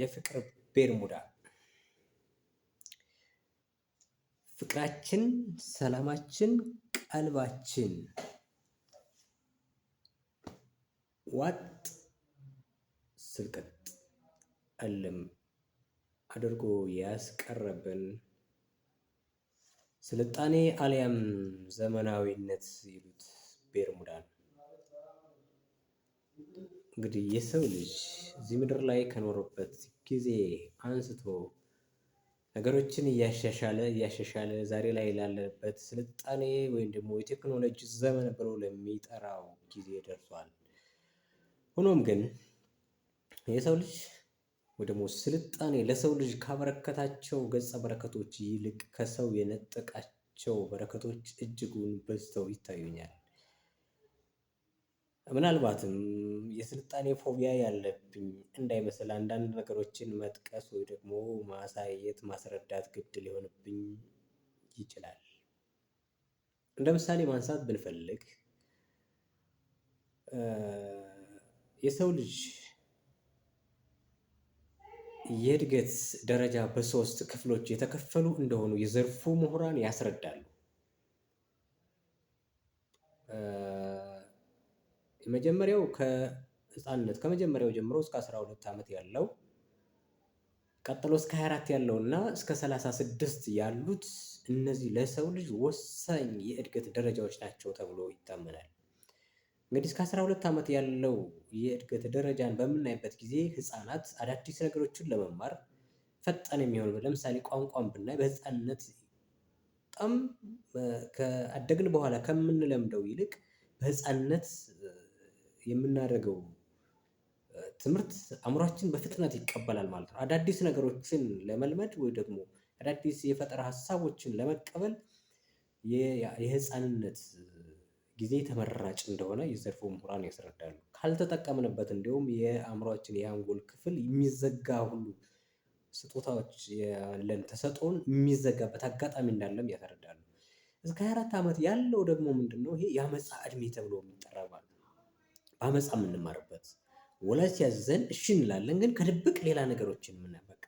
የፍቅር ቤርሙዳ ፍቅራችን፣ ሰላማችን፣ ቀልባችን ዋጥ ስልቅጥ እልም አድርጎ ያስቀረብን ስልጣኔ አሊያም ዘመናዊነት ይሉት ቤርሙዳን እንግዲህ የሰው ልጅ እዚህ ምድር ላይ ከኖረበት ጊዜ አንስቶ ነገሮችን እያሻሻለ እያሻሻለ ዛሬ ላይ ላለበት ስልጣኔ ወይም ደግሞ የቴክኖሎጂ ዘመን ብሎ ለሚጠራው ጊዜ ደርሷል። ሆኖም ግን የሰው ልጅ ወይ ደግሞ ስልጣኔ ለሰው ልጅ ካበረከታቸው ገጸ በረከቶች ይልቅ ከሰው የነጠቃቸው በረከቶች እጅጉን በዝተው ይታዩኛል። ምናልባትም የስልጣኔ ፎቢያ ያለብኝ እንዳይመስል አንዳንድ ነገሮችን መጥቀስ ወይ ደግሞ ማሳየት ማስረዳት ግድ ሊሆንብኝ ይችላል። እንደ ምሳሌ ማንሳት ብንፈልግ የሰው ልጅ የእድገት ደረጃ በሶስት ክፍሎች የተከፈሉ እንደሆኑ የዘርፉ ምሁራን ያስረዳሉ የመጀመሪያው ከህፃንነት ከመጀመሪያው ጀምሮ እስከ 12 ዓመት ያለው ቀጥሎ እስከ 24 ያለው እና እስከ 36 ያሉት እነዚህ ለሰው ልጅ ወሳኝ የእድገት ደረጃዎች ናቸው ተብሎ ይታመናል። እንግዲህ እስከ 12 ዓመት ያለው የእድገት ደረጃን በምናይበት ጊዜ ህፃናት አዳዲስ ነገሮችን ለመማር ፈጣን የሚሆኑ ለምሳሌ ቋንቋን ብናይ በህፃንነት በጣም ከአደግን በኋላ ከምንለምደው ይልቅ በህፃንነት የምናደርገው ትምህርት አእምሯችን በፍጥነት ይቀበላል ማለት ነው። አዳዲስ ነገሮችን ለመልመድ ወይ ደግሞ አዳዲስ የፈጠራ ሀሳቦችን ለመቀበል የህፃንነት ጊዜ ተመራጭ እንደሆነ የዘርፉ ምሁራን ያስረዳሉ። ካልተጠቀምንበት እንዲሁም የአእምሯችን የአንጎል ክፍል የሚዘጋ ሁሉ ስጦታዎች ያለን ተሰጦን የሚዘጋበት አጋጣሚ እንዳለም ያስረዳሉ። እስከ 24 ዓመት ያለው ደግሞ ምንድነው? ይሄ የአመፃ እድሜ ተብሎ የሚጠራ ማለት በአመፃ የምንማርበት ወላጅ ሲያዘን እሺ እንላለን፣ ግን ከድብቅ ሌላ ነገሮችን የምናበቅ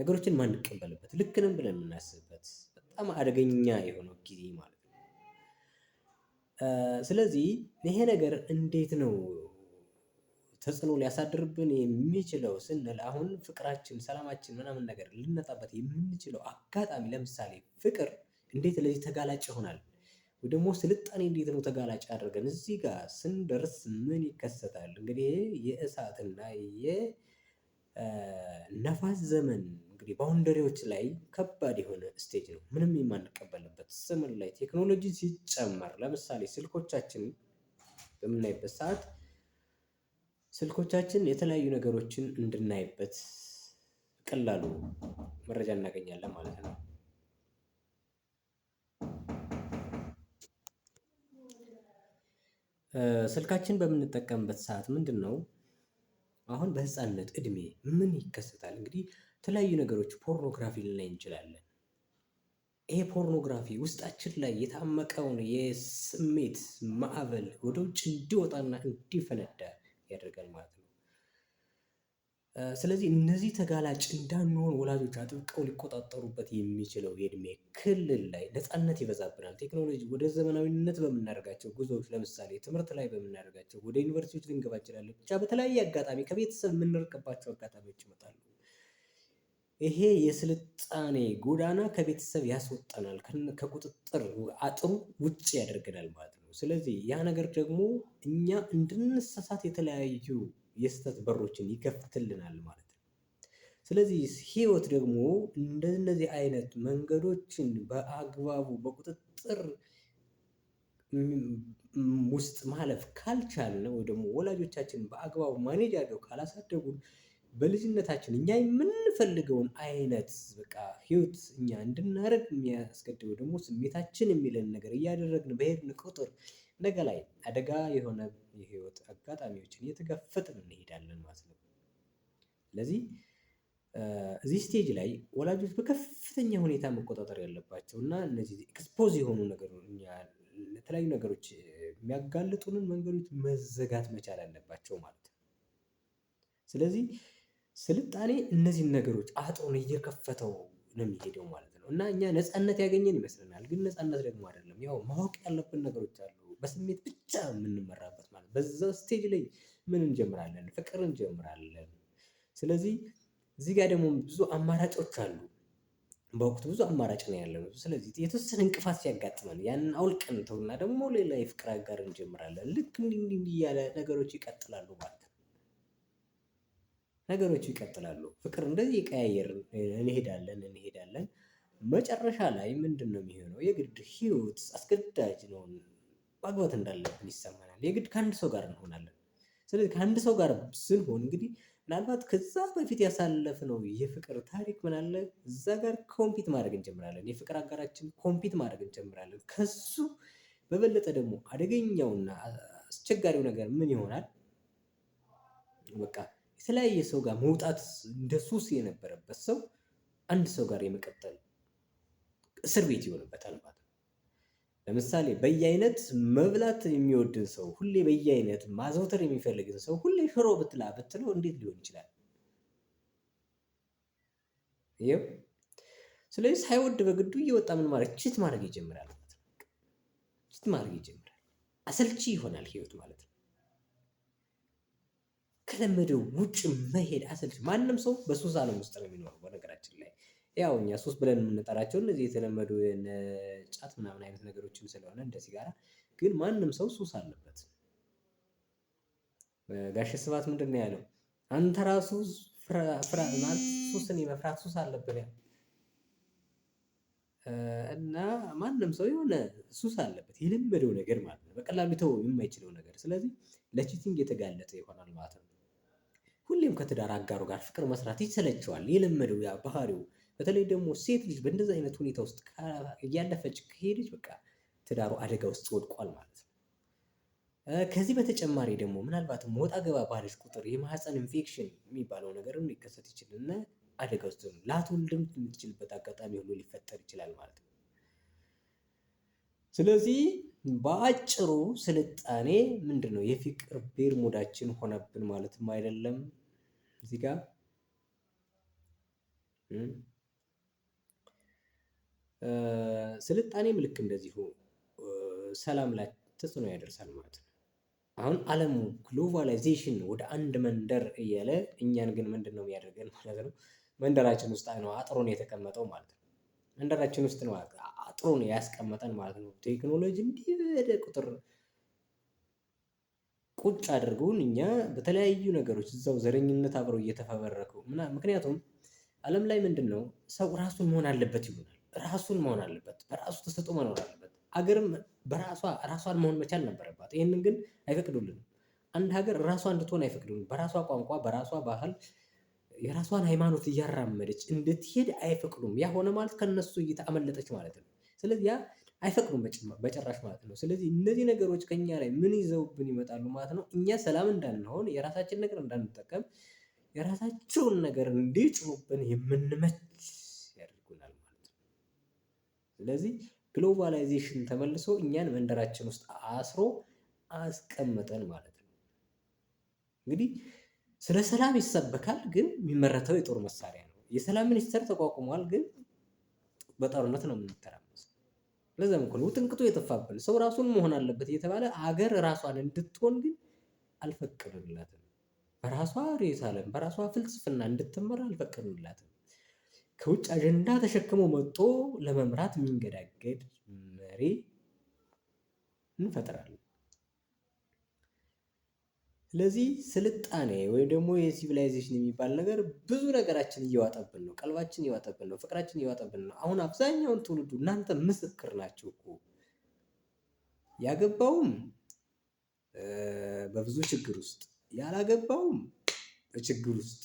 ነገሮችን ማንቀበልበት ልክንም ብለን የምናስብበት በጣም አደገኛ የሆነው ጊዜ ማለት ነው። ስለዚህ ይሄ ነገር እንዴት ነው ተጽዕኖ ሊያሳድርብን የሚችለው ስንል አሁን ፍቅራችን፣ ሰላማችን ምናምን ነገር ልናጣበት የምንችለው አጋጣሚ ለምሳሌ ፍቅር እንዴት ለዚህ ተጋላጭ ይሆናል? ወይ ደግሞ ስልጣኔ እንዴት ነው ተጋላጭ አድርገን እዚህ ጋር ስንደርስ ምን ይከሰታል? እንግዲህ የእሳትና የነፋስ ዘመን እንግዲህ ባውንደሪዎች ላይ ከባድ የሆነ ስቴጅ ነው። ምንም የማንቀበልበት ዘመን ላይ ቴክኖሎጂ ሲጨመር፣ ለምሳሌ ስልኮቻችን በምናይበት ሰዓት ስልኮቻችን የተለያዩ ነገሮችን እንድናይበት ቀላሉ መረጃ እናገኛለን ማለት ነው። ስልካችን በምንጠቀምበት ሰዓት ምንድን ነው? አሁን በህፃንነት እድሜ ምን ይከሰታል? እንግዲህ የተለያዩ ነገሮች ፖርኖግራፊ ልናይ እንችላለን። ይሄ ፖርኖግራፊ ውስጣችን ላይ የታመቀውን የስሜት ማዕበል ወደ ውጭ እንዲወጣና እንዲፈነዳ ስለዚህ እነዚህ ተጋላጭ እንዳንሆን ወላጆች አጥብቀው ሊቆጣጠሩበት የሚችለው የእድሜ ክልል ላይ ነፃነት ይበዛብናል። ቴክኖሎጂ ወደ ዘመናዊነት በምናደርጋቸው ጉዞዎች፣ ለምሳሌ ትምህርት ላይ በምናደርጋቸው፣ ወደ ዩኒቨርሲቲዎች ልንገባ እንችላለን። ብቻ በተለያየ አጋጣሚ ከቤተሰብ የምንርቅባቸው አጋጣሚዎች ይመጣሉ። ይሄ የስልጣኔ ጎዳና ከቤተሰብ ያስወጠናል፣ ከቁጥጥር አጥሩ ውጭ ያደርገናል ማለት ነው። ስለዚህ ያ ነገር ደግሞ እኛ እንድንሳሳት የተለያዩ የስተት በሮችን ይከፍትልናል ማለት ነው። ስለዚህ ህይወት ደግሞ እንደነዚህ አይነት መንገዶችን በአግባቡ በቁጥጥር ውስጥ ማለፍ ካልቻልን ወይ ደግሞ ወላጆቻችን በአግባቡ ማኔጅ አድርገው ካላሳደጉን በልጅነታችን እኛ የምንፈልገውን አይነት በቃ ህይወት እኛ እንድናደርግ የሚያስገድበው ደግሞ ስሜታችን የሚለን ነገር እያደረግን በሄድን ቁጥር ነገ ላይ አደጋ የሆነ የህይወት አጋጣሚዎችን እየተጋፈጥን እንሄዳለን ማለት ነው። ስለዚህ እዚህ ስቴጅ ላይ ወላጆች በከፍተኛ ሁኔታ መቆጣጠር ያለባቸው እና እነዚህ ኤክስፖዝ የሆኑ ነገሮች ለተለያዩ ነገሮች የሚያጋልጡንን መንገዶች መዘጋት መቻል አለባቸው ማለት ነው። ስለዚህ ስልጣኔ እነዚህን ነገሮች አጥሩን እየከፈተው ነው የሚሄደው ማለት ነው እና እኛ ነፃነት ያገኘን ይመስለናል። ግን ነፃነት ደግሞ አይደለም። ያው ማወቅ ያለብን ነገሮች አሉ። በስሜት ብቻ የምንመራበት ማለት በዛ ስቴጅ ላይ ምን እንጀምራለን? ፍቅር እንጀምራለን። ስለዚህ እዚህ ጋር ደግሞ ብዙ አማራጮች አሉ። በወቅቱ ብዙ አማራጭ ነው ያለው። ስለዚህ የተወሰነ እንቅፋት ሲያጋጥመን ያንን አውልቀን ተውና ደግሞ ሌላ የፍቅር አጋር እንጀምራለን። ልክ እንዲህ እያለ ነገሮች ይቀጥላሉ ማለት ነገሮች ይቀጥላሉ። ፍቅር እንደዚህ ይቀያየርን እንሄዳለን እንሄዳለን መጨረሻ ላይ ምንድን ነው የሚሆነው? የግድ ህይወት አስገዳጅ ነው። ማግባት እንዳለብን ይሰማናል። የግድ ከአንድ ሰው ጋር እንሆናለን። ስለዚህ ከአንድ ሰው ጋር ስንሆን እንግዲህ ምናልባት ከዛ በፊት ያሳለፍነው የፍቅር ታሪክ ምናለ እዛ ጋር ኮምፒት ማድረግ እንጀምራለን። የፍቅር አጋራችን ኮምፒት ማድረግ እንጀምራለን። ከሱ በበለጠ ደግሞ አደገኛውና አስቸጋሪው ነገር ምን ይሆናል? በቃ የተለያየ ሰው ጋር መውጣት እንደ ሱስ የነበረበት ሰው አንድ ሰው ጋር የመቀጠል እስር ቤት ይሆንበታል ማለት ለምሳሌ በየአይነት መብላት የሚወድን ሰው ሁሌ በየአይነት ማዘውተር የሚፈልግን ሰው ሁሌ ሽሮ ብትላ ብትለው እንዴት ሊሆን ይችላል? ይኸው ስለዚህ ሳይወድ በግዱ እየወጣ ምን ማለት ችት ማድረግ ይጀምራል ማለት ነው። ችት ማድረግ ይጀምራል። አሰልቺ ይሆናል ህይወት ማለት ነው። ከለመደው ውጭ መሄድ አሰልቺ። ማንም ሰው በሶስት ዓለም ውስጥ ነው የሚኖረው በነገራችን ላይ ያው እኛ ሱስ ብለን የምንጠራቸው እነዚህ የተለመዱ ጫት ምናምን አይነት ነገሮችን ስለሆነ እንደ ሲጋራ ግን ማንም ሰው ሱስ አለበት። ጋሽ ስብሐት ምንድነው ያለው? አንተ ራሱ ሱስን የመፍራት ሱስ አለብን ያ እና ማንም ሰው የሆነ ሱስ አለበት የለመደው ነገር ማለት ነው፣ በቀላሉ ሊተው የማይችለው ነገር። ስለዚህ ለቺቲንግ የተጋለጠ ይሆናል ማለት ነው። ሁሌም ከትዳር አጋሩ ጋር ፍቅር መስራት ይሰለችዋል የለመደው ያ ባህሪው በተለይ ደግሞ ሴት ልጅ በእንደዚህ አይነት ሁኔታ ውስጥ እያለፈች ከሄደች በቃ ትዳሩ አደጋ ውስጥ ወድቋል ማለት ነው። ከዚህ በተጨማሪ ደግሞ ምናልባትም ወጣ ገባ ባለች ቁጥር የማህፀን ኢንፌክሽን የሚባለው ነገር ሊከሰት ይችልና አደጋ ውስጥ ነው። ላትወልድም የምትችልበት አጋጣሚ ሁሉ ሊፈጠር ይችላል ማለት ነው። ስለዚህ በአጭሩ ስልጣኔ ምንድን ነው? የፍቅር ቤርሙዳችን ሆነብን ማለትም አይደለም እዚህ ጋር ስልጣኔም ልክ እንደዚሁ ሰላም ላይ ተጽዕኖ ያደርሳል ማለት ነው። አሁን ዓለሙ ግሎባላይዜሽን ወደ አንድ መንደር እያለ እኛን ግን ምንድን ነው የሚያደርገን ማለት ነው? መንደራችን ውስጥ ነው አጥሮን የተቀመጠው ማለት ነው። መንደራችን ውስጥ ነው አጥሮን ያስቀመጠን ማለት ነው። ቴክኖሎጂ እንዲህ ወደ ቁጥር ቁጭ አድርጉን እኛ በተለያዩ ነገሮች እዛው ዘረኝነት አብረው እየተፈበረኩ ምክንያቱም ዓለም ላይ ምንድን ነው ሰው ራሱን መሆን አለበት ይሆናል ራሱን መሆን አለበት። በራሱ ተሰጦ መኖር አለበት። ሀገርም በራሷ ራሷን መሆን መቻል ነበረባት። ይህንን ግን አይፈቅዱልንም። አንድ ሀገር ራሷ እንድትሆን አይፈቅዱልንም። በራሷ ቋንቋ፣ በራሷ ባህል፣ የራሷን ሃይማኖት እያራመደች እንድትሄድ አይፈቅዱም። ያ ሆነ ማለት ከነሱ እይታ አመለጠች ማለት ነው። ስለዚህ ያ አይፈቅዱም በጭራሽ ማለት ነው። ስለዚህ እነዚህ ነገሮች ከኛ ላይ ምን ይዘውብን ይመጣሉ ማለት ነው? እኛ ሰላም እንዳንሆን፣ የራሳችን ነገር እንዳንጠቀም፣ የራሳቸውን ነገር እንዲጭሩብን የምንመች ስለዚህ ግሎባላይዜሽን ተመልሶ እኛን መንደራችን ውስጥ አስሮ አስቀመጠን ማለት ነው። እንግዲህ ስለ ሰላም ይሰበካል፣ ግን የሚመረተው የጦር መሳሪያ ነው። የሰላም ሚኒስቴር ተቋቁሟል፣ ግን በጦርነት ነው የምንተራመሰው። ለዚም እኮ ውጥንቅጡ የጠፋብን። ሰው ራሱን መሆን አለበት እየተባለ አገር ራሷን እንድትሆን ግን አልፈቀዱላትም። በራሷ ርዕዮተ ዓለም በራሷ ፍልስፍና እንድትመራ አልፈቀዱላትም። ከውጭ አጀንዳ ተሸክሞ መጥቶ ለመምራት የሚንገዳገድ መሪ እንፈጥራለን። ስለዚህ ስልጣኔ ወይም ደግሞ የሲቪላይዜሽን የሚባል ነገር ብዙ ነገራችን እየዋጠብን ነው። ቀልባችን እየዋጠብን ነው። ፍቅራችን እየዋጠብን ነው። አሁን አብዛኛውን ትውልዱ እናንተ ምስክር ናቸው እኮ ያገባውም በብዙ ችግር ውስጥ ያላገባውም በችግር ውስጥ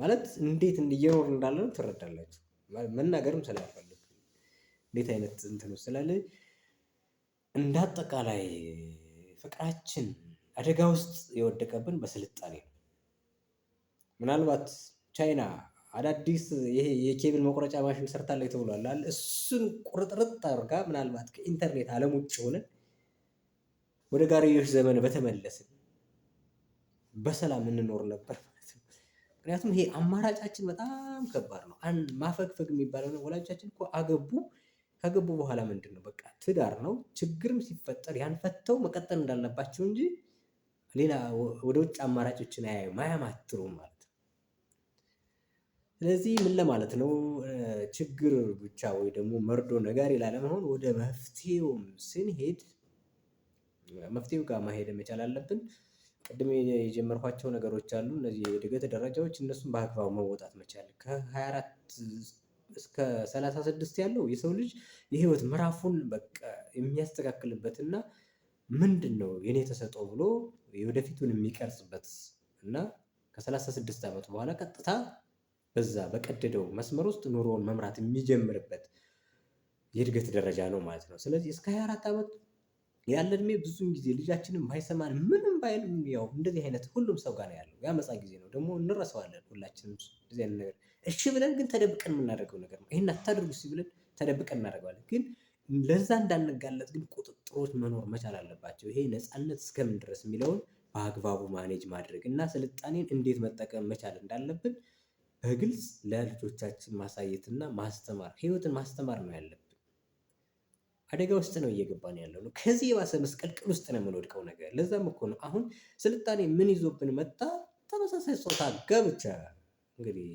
ማለት እንዴት እየኖር ነው ትረዳላችሁ። መናገርም ስላልፈልግ እንዴት አይነት እንትን ስላለ እንደ አጠቃላይ ፍቅራችን አደጋ ውስጥ የወደቀብን በስልጣኔ ነው። ምናልባት ቻይና አዳዲስ ይሄ የኬብል መቁረጫ ማሽን ሰርታለች ተብሏል። እሱን ቁርጥርጥ አድርጋ ምናልባት ከኢንተርኔት ዓለም ውጭ ሆነን ወደ ጋርዮሽ ዘመን በተመለስን በሰላም እንኖር ነበር። ምክንያቱም ይሄ አማራጫችን በጣም ከባድ ነው። ማፈግፈግ የሚባለው ወላጆቻችን እኮ አገቡ ከገቡ በኋላ ምንድን ነው በቃ ትዳር ነው። ችግርም ሲፈጠር ያን ፈተው መቀጠል እንዳለባቸው እንጂ ሌላ ወደ ውጭ አማራጮችን አያዩም አያማትሩም ማለት ነው። ስለዚህ ምን ለማለት ነው ችግር ብቻ ወይ ደግሞ መርዶ ነጋሪ ላለመሆን ወደ መፍትሄውም ስንሄድ መፍትሄው ጋር ማሄድ መቻል አለብን። ቅድም የጀመርኳቸው ነገሮች አሉ። እነዚህ የእድገት ደረጃዎች እነሱን በአግባቡ መወጣት መቻል ከ ከ24 እስከ 36 ያለው የሰው ልጅ የህይወት ምዕራፉን በቃ የሚያስተካክልበት እና ምንድነው የኔ ተሰጦ ብሎ የወደፊቱን የሚቀርጽበት እና ከ36 ዓመት በኋላ ቀጥታ በዛ በቀደደው መስመር ውስጥ ኑሮውን መምራት የሚጀምርበት የእድገት ደረጃ ነው ማለት ነው። ስለዚህ እስከ 24 ዓመት ያለ እድሜ ብዙን ጊዜ ልጃችንን ባይሰማን ምንም ባይልም ያው እንደዚህ አይነት ሁሉም ሰው ጋር ነው ያለው። ያመፃ ጊዜ ነው ደግሞ እንረሰዋለን ሁላችንም እንደዚህ አይነት ነገር እሺ ብለን ግን ተደብቀን የምናደርገው ነገር ነው። ይህን አታደርጉ ሲ ብለን ተደብቀን እናደርገዋለን። ግን ለዛ እንዳንጋለጥ ግን ቁጥጥሮች መኖር መቻል አለባቸው። ይሄ ነፃነት እስከምን ድረስ የሚለውን በአግባቡ ማኔጅ ማድረግ እና ስልጣኔን እንዴት መጠቀም መቻል እንዳለብን በግልጽ ለልጆቻችን ማሳየትና ማስተማር ህይወትን ማስተማር ነው ያለብን። አደጋ ውስጥ ነው እየገባን ያለው ነው። ከዚህ የባሰ መስቀልቅል ውስጥ ነው የምንወድቀው ነገር። ለዛም እኮ ነው አሁን ስልጣኔ ምን ይዞብን መጣ? ተመሳሳይ ጾታ ጋብቻ። እንግዲህ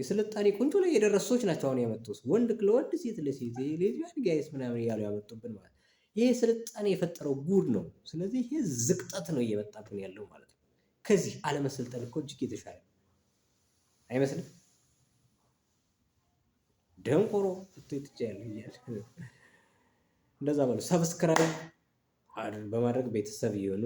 የስልጣኔ ቁንጮ ላይ የደረሱ ሰዎች ናቸው አሁን ያመጡት፣ ወንድ ለወንድ ሴት ለሴት ሌዝቢያን ጋይስ ምናምን እያሉ ያመጡብን ማለት ይሄ ስልጣኔ የፈጠረው ጉድ ነው። ስለዚህ ይሄ ዝቅጠት ነው እየመጣብን ያለው ማለት ነው። ከዚህ አለመሰልጠን እኮ እጅግ የተሻለ አይመስልም። ደንቆሮ ፍትህ ትችያለህ እያለ እንደዛ በሉ። ሰብስክራይብ በማድረግ ቤተሰብ የሆኑ